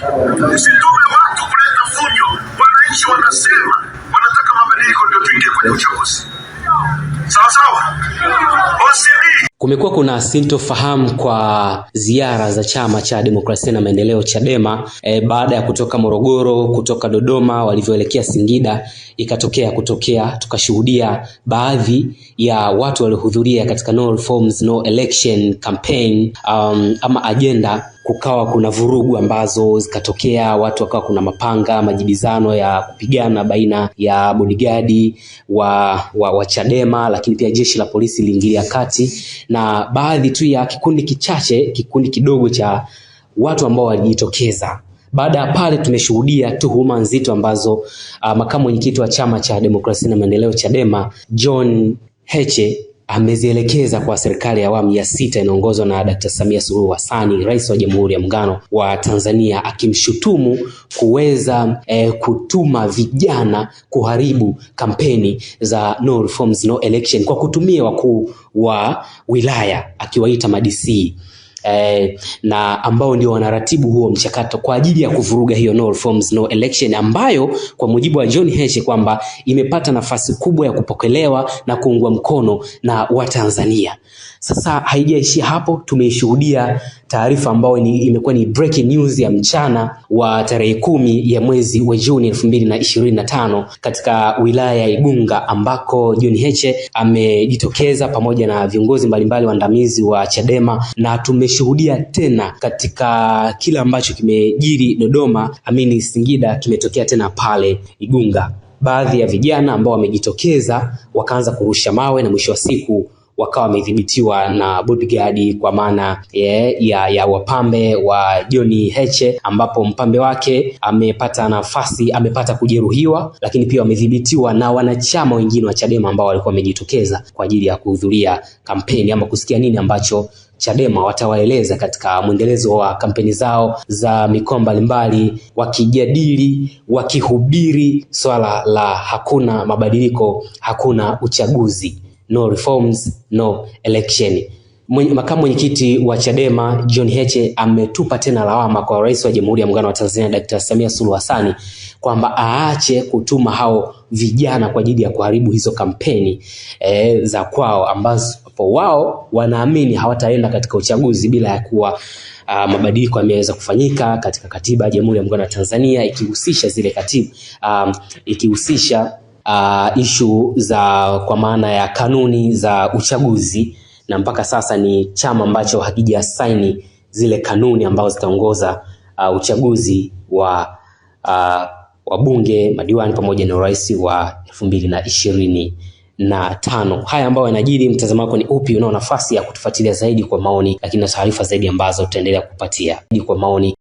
Usitume watu kuleta fujo. Wananchi wanasema wanataka mabadiliko, ndio tuingie kwenye uchaguzi. Kumekuwa kuna sintofahamu kwa ziara za chama cha demokrasia na maendeleo Chadema, e, baada ya kutoka Morogoro, kutoka Dodoma, walivyoelekea Singida, ikatokea kutokea tukashuhudia baadhi ya watu waliohudhuria katika no reforms, no election campaign, um, ama ajenda kukawa kuna vurugu ambazo zikatokea, watu wakawa kuna mapanga, majibizano ya kupigana baina ya bodigadi wa, wa, wa Chadema, lakini pia jeshi la polisi liingilia kati na baadhi tu ya kikundi kichache, kikundi kidogo cha watu ambao walijitokeza. Baada ya pale tumeshuhudia tuhuma nzito ambazo uh, makamu mwenyekiti wa chama cha demokrasia na maendeleo Chadema John Heche amezielekeza kwa serikali ya awamu ya sita inaongozwa na Dkt. Samia Suluhu Hassan, rais wa Jamhuri ya Muungano wa Tanzania, akimshutumu kuweza e, kutuma vijana kuharibu kampeni za no reforms, no election kwa kutumia wakuu wa wilaya akiwaita madisii eh, na ambao ndio wanaratibu huo mchakato kwa ajili ya kuvuruga hiyo no reforms, no election ambayo kwa mujibu wa John Heche kwamba imepata nafasi kubwa ya kupokelewa na kuungwa mkono na Watanzania. Sasa haijaishia hapo, tumeishuhudia taarifa ambayo imekuwa ni breaking news ya mchana wa tarehe kumi ya mwezi wa Juni elfu mbili na ishirini na tano katika wilaya ya Igunga ambako John Heche amejitokeza pamoja na viongozi mbalimbali waandamizi wa Chadema, na tumeshuhudia tena katika kile ambacho kimejiri Dodoma, amini Singida, kimetokea tena pale Igunga. Baadhi ya vijana ambao wamejitokeza wakaanza kurusha mawe na mwisho wa siku wakawa wamedhibitiwa na bodyguard kwa maana eh, ya, ya wapambe wa John Heche, ambapo mpambe wake amepata nafasi, amepata kujeruhiwa, lakini pia wamedhibitiwa na wanachama wengine wa Chadema ambao walikuwa wamejitokeza kwa ajili ya kuhudhuria kampeni ama kusikia nini ambacho Chadema watawaeleza katika mwendelezo wa kampeni zao za mikoa mbalimbali, wakijadili, wakihubiri swala la hakuna mabadiliko, hakuna uchaguzi no reforms, no election. Makamu mwenyekiti wa Chadema John Heche ametupa tena lawama kwa rais wa Jamhuri ya Muungano wa Tanzania Dr. Samia Suluhu Hassan kwamba aache kutuma hao vijana kwa ajili ya kuharibu hizo kampeni e, za kwao ambazo wao wanaamini hawataenda katika uchaguzi bila ya kuwa Uh, mabadiliko yameweza kufanyika katika katiba ya Jamhuri ya Muungano wa Tanzania ikihusisha zile katiba um, ikihusisha uh, ishu za kwa maana ya kanuni za uchaguzi, na mpaka sasa ni chama ambacho hakijasaini zile kanuni ambazo zitaongoza uh, uchaguzi wa uh, wa bunge, madiwani pamoja na urais wa elfu mbili na ishirini na tano. Haya ambayo yanajiri, mtazamo wako ni upi? Unao nafasi ya kutufuatilia zaidi kwa maoni, lakini na taarifa zaidi ambazo tutaendelea kupatia kwa maoni.